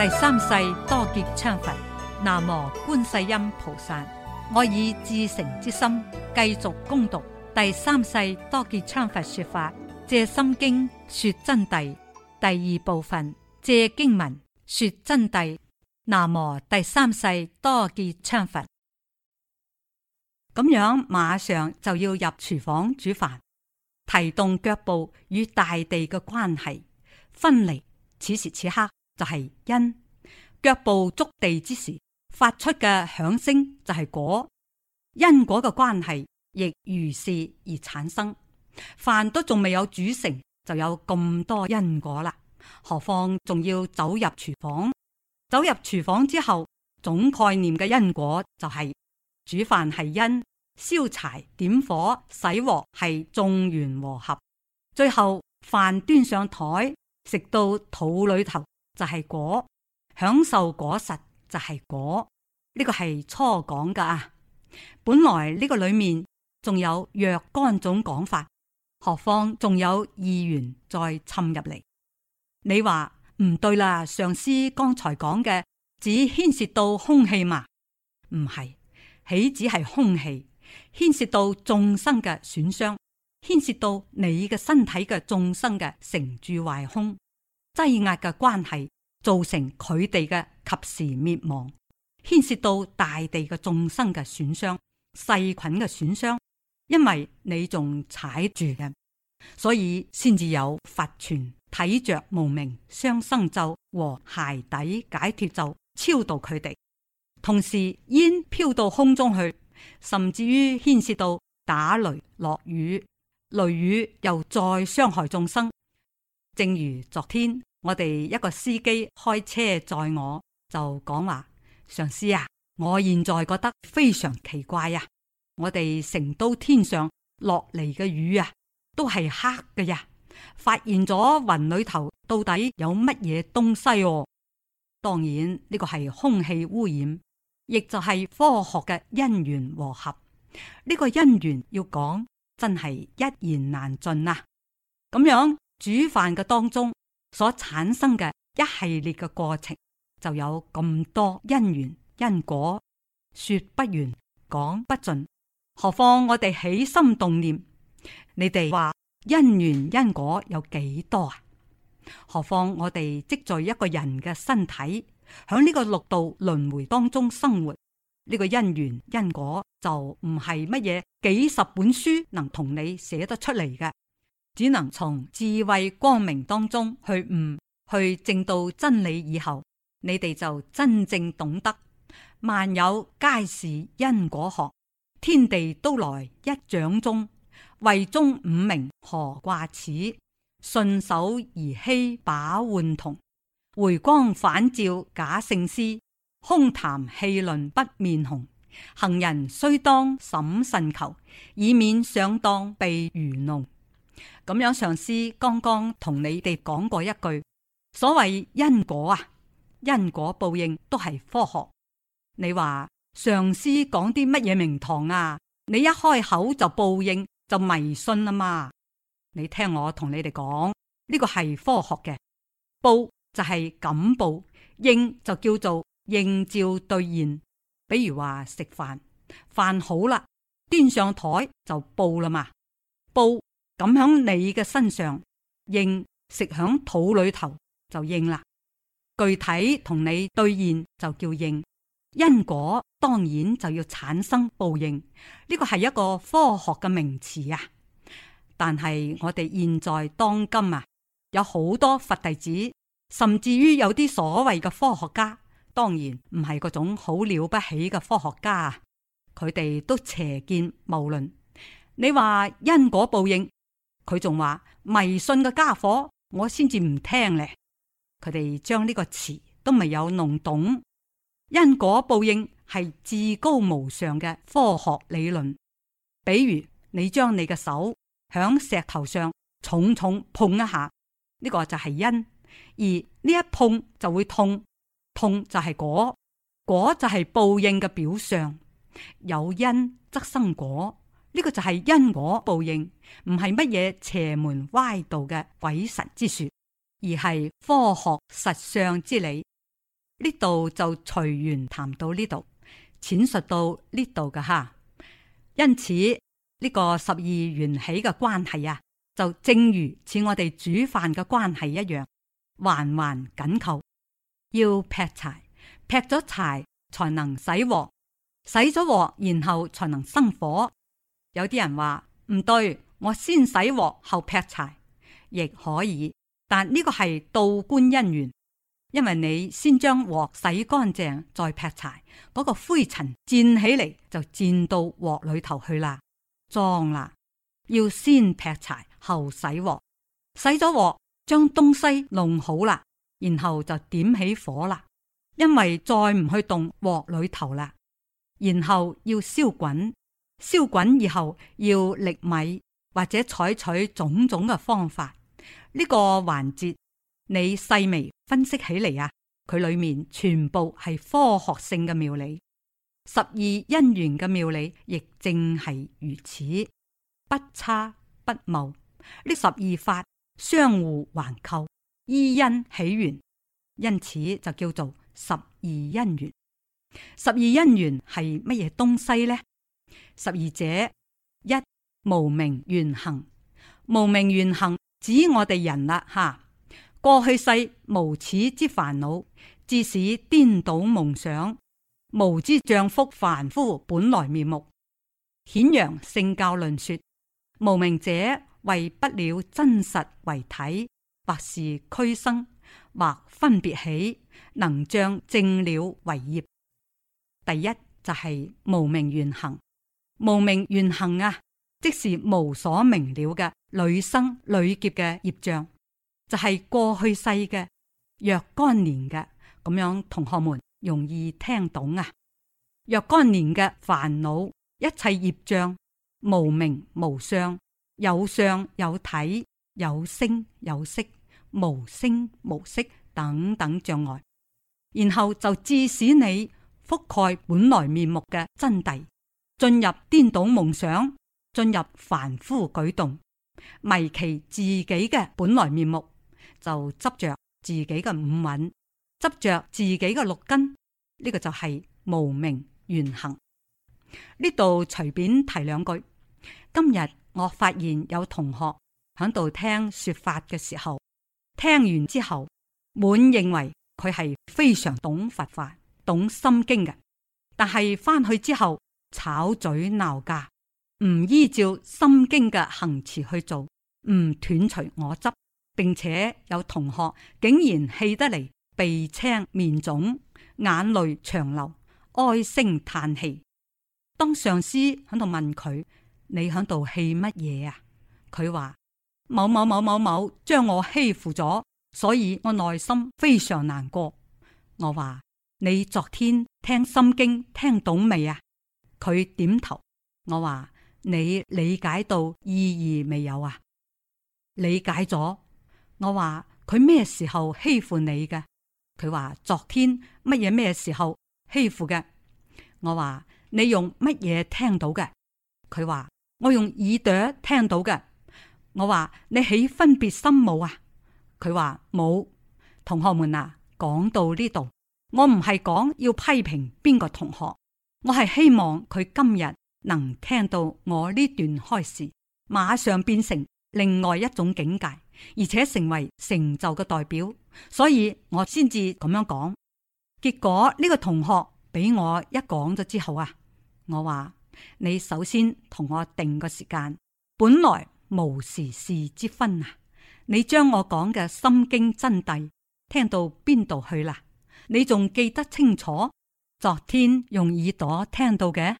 第三世多杰羌佛，南無觀世音菩薩。我以至誠之心繼續攻讀第三世多杰羌佛說法，藉心經說真諦，第二部分，藉經文說真諦。南無第三世多杰羌佛。咁樣馬上就要入廚房煮飯，提動腳步與大地嘅關係分離。此時此刻。就係因。腳步觸地之時發出嘅響聲，就係果。因果嘅關係亦如是而產生。飯都仲未有煮成，就有咁多因果啦。何況仲要走入廚房，走入廚房之後，總概念嘅因果就係、是、煮飯係因，燒柴點火洗鑊係眾緣和合，最後飯端上台，食到肚裏頭。就係果，享受果實就係果，呢、這個係初講噶啊！本來呢個裏面仲有若干種講法，何況仲有意緣再侵入嚟。你話唔對啦？上師剛才講嘅只牽涉到空氣嘛？唔係，豈止係空氣，牽涉到眾生嘅損傷，牽涉到你嘅身體嘅眾生嘅成住壞空。低壓嘅關係造成佢哋嘅及時滅亡，牽涉到大地嘅眾生嘅損傷、細菌嘅損傷，因為你仲踩住嘅，所以先至有佛傳睇着無明傷生咒和鞋底解脱咒超度佢哋。同時煙飄到空中去，甚至於牽涉到打雷落雨，雷雨又再傷害眾生。正如昨天。我哋一個司機開車載我，就講話：上司啊，我現在覺得非常奇怪呀、啊！我哋成都天上落嚟嘅雨呀、啊，都係黑嘅呀、啊！發現咗雲裏頭到底有乜嘢東西、啊？當然呢、這個係空氣污染，亦就係科學嘅因緣和合。呢、這個因緣要講，真係一言難盡啊！咁樣煮飯嘅當中。所產生嘅一系列嘅過程就有咁多因緣因果，說不完講不盡。何況我哋起心動念，你哋話因緣因果有幾多啊？何況我哋積聚一個人嘅身體，響呢個六道輪迴當中生活，呢個因緣因果就唔係乜嘢幾十本書能同你寫得出嚟嘅。只能從智慧光明當中去悟，去證到真理以後，你哋就真正懂得萬有皆是因果學，天地都來一掌中。慧中五明何掛齒？順手而欺把換同，回光返照假聖師，空談氣論不面紅。行人須當審慎求，以免上當被愚弄。咁樣，上司剛剛同你哋講過一句，所謂因果啊，因果報應都係科學。你話上司講啲乜嘢名堂啊？你一開口就報應就迷信啦嘛？你聽我同你哋講，呢個係科學嘅，報就係感報，應就叫做應照兌現。比如話食飯，飯好啦，端上台就報啦嘛，報。咁喺你嘅身上應，食響肚裏頭就應啦，具體同你兌現就叫應因果，當然就要產生報應。呢個係一個科學嘅名詞啊！但係我哋現在當今啊，有好多佛弟子，甚至於有啲所謂嘅科學家，當然唔係嗰種好了不起嘅科學家啊，佢哋都邪見謬論。你話因果報應？佢仲話迷信嘅家伙，我先至唔聽呢。佢哋將呢個詞都未有弄懂，因果報應係至高無上嘅科學理論。比如你將你嘅手響石頭上重重碰一下，呢個就係因，而呢一碰就會痛，痛就係果，果就係報應嘅表象，有因則生果。呢個就係因果報應，唔係乜嘢邪門歪道嘅鬼神之說，而係科學實相之理。呢度就隨緣談到呢度，淺述到呢度嘅哈。因此呢個十二緣起嘅關係啊，就正如似我哋煮飯嘅關係一樣，環環緊扣，要劈柴，劈咗柴才能洗鑊，洗咗鑊然後才能生火。有啲人話唔對，我先洗鑊後劈柴亦可以，但呢個係道觀因緣，因為你先將鑊洗乾淨再劈柴，嗰、那個灰塵濺起嚟就濺到鑊裏頭去啦，髒啦。要先劈柴後洗鑊，洗咗鑊將東西弄好啦，然後就點起火啦，因為再唔去動鑊裏頭啦，然後要燒滾。燒滾以後要瀝米或者採取種種嘅方法，呢、這個環節你細微分析起嚟啊，佢裡面全部係科學性嘅妙理。十二因緣嘅妙理亦正係如此，不差不謬。呢十二法相互環扣依因起緣，因此就叫做十二因緣。十二因緣係乜嘢東西呢？十二者，一無明緣行。無明緣行指我哋人啦，吓過去世無始之煩惱，致使顛倒夢想，無知障覆凡夫本來面目，顯揚聖教論說，無明者為不了真實為體，或是驅生，或分別起，能將正了為業。第一就係、是、無明緣行。無明緣行啊，即是無所明了嘅累生累劫嘅業障，就係、是、過去世嘅若干年嘅咁樣。同學們容易聽懂啊，若干年嘅煩惱，一切業障，無名無相，有相有體，有聲有色，無聲無色等等障礙，然後就致使你覆蓋本來面目嘅真諦。進入顛倒夢想，進入凡夫舉動，迷其自己嘅本來面目，就執着自己嘅五蘊，執着自己嘅六根，呢、這個就係無明緣行。呢度隨便提兩句。今日我發現有同學喺度聽說法嘅時候，聽完之後滿認為佢係非常懂佛法、懂心經嘅，但係翻去之後，吵嘴鬧架，唔依照心經嘅行詞去做，唔斷除我執，並且有同學竟然氣得嚟鼻青面腫，眼淚長流，唉聲嘆氣。當上司喺度問佢：你喺度氣乜嘢啊？佢話某某某某某將我欺負咗，所以我內心非常難過。我話你昨天聽心經聽懂未啊？佢點頭，我話你理解到意義未有啊？理解咗。我話佢咩時候欺負你嘅？佢話昨天乜嘢咩時候欺負嘅？我話你用乜嘢聽到嘅？佢話我用耳朵聽到嘅。我話你起分別心冇啊？佢話冇。同學們啊，講到呢度，我唔係講要批評邊個同學。我係希望佢今日能聽到我呢段開示，馬上變成另外一種境界，而且成為成就嘅代表，所以我先至咁樣講。結果呢個同學俾我一講咗之後啊，我話你首先同我定個時間，本來無時事之分啊！你將我講嘅《心經真諦》聽到邊度去啦？你仲記得清楚？昨天用耳朵聽到嘅，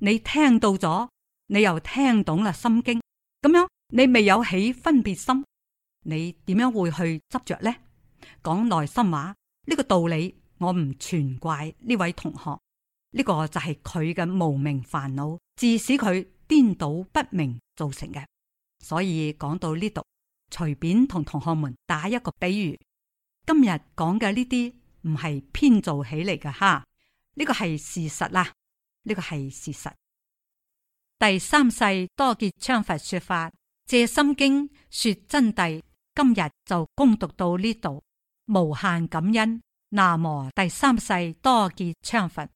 你聽到咗，你又聽懂啦《心經》，咁樣你未有起分別心，你點樣會去執着呢？講內心話，呢個道理我唔全怪呢位同學，呢個就係佢嘅無明煩惱，致使佢顛倒不明造成嘅。所以講到呢度，隨便同同學們打一個比喻，今日講嘅呢啲唔係編造起嚟嘅哈。呢個係事實啦，呢、這個係事實。第三世多杰羌佛說法，借心經說真諦。今日就恭讀到呢度，無限感恩。南無第三世多杰羌佛。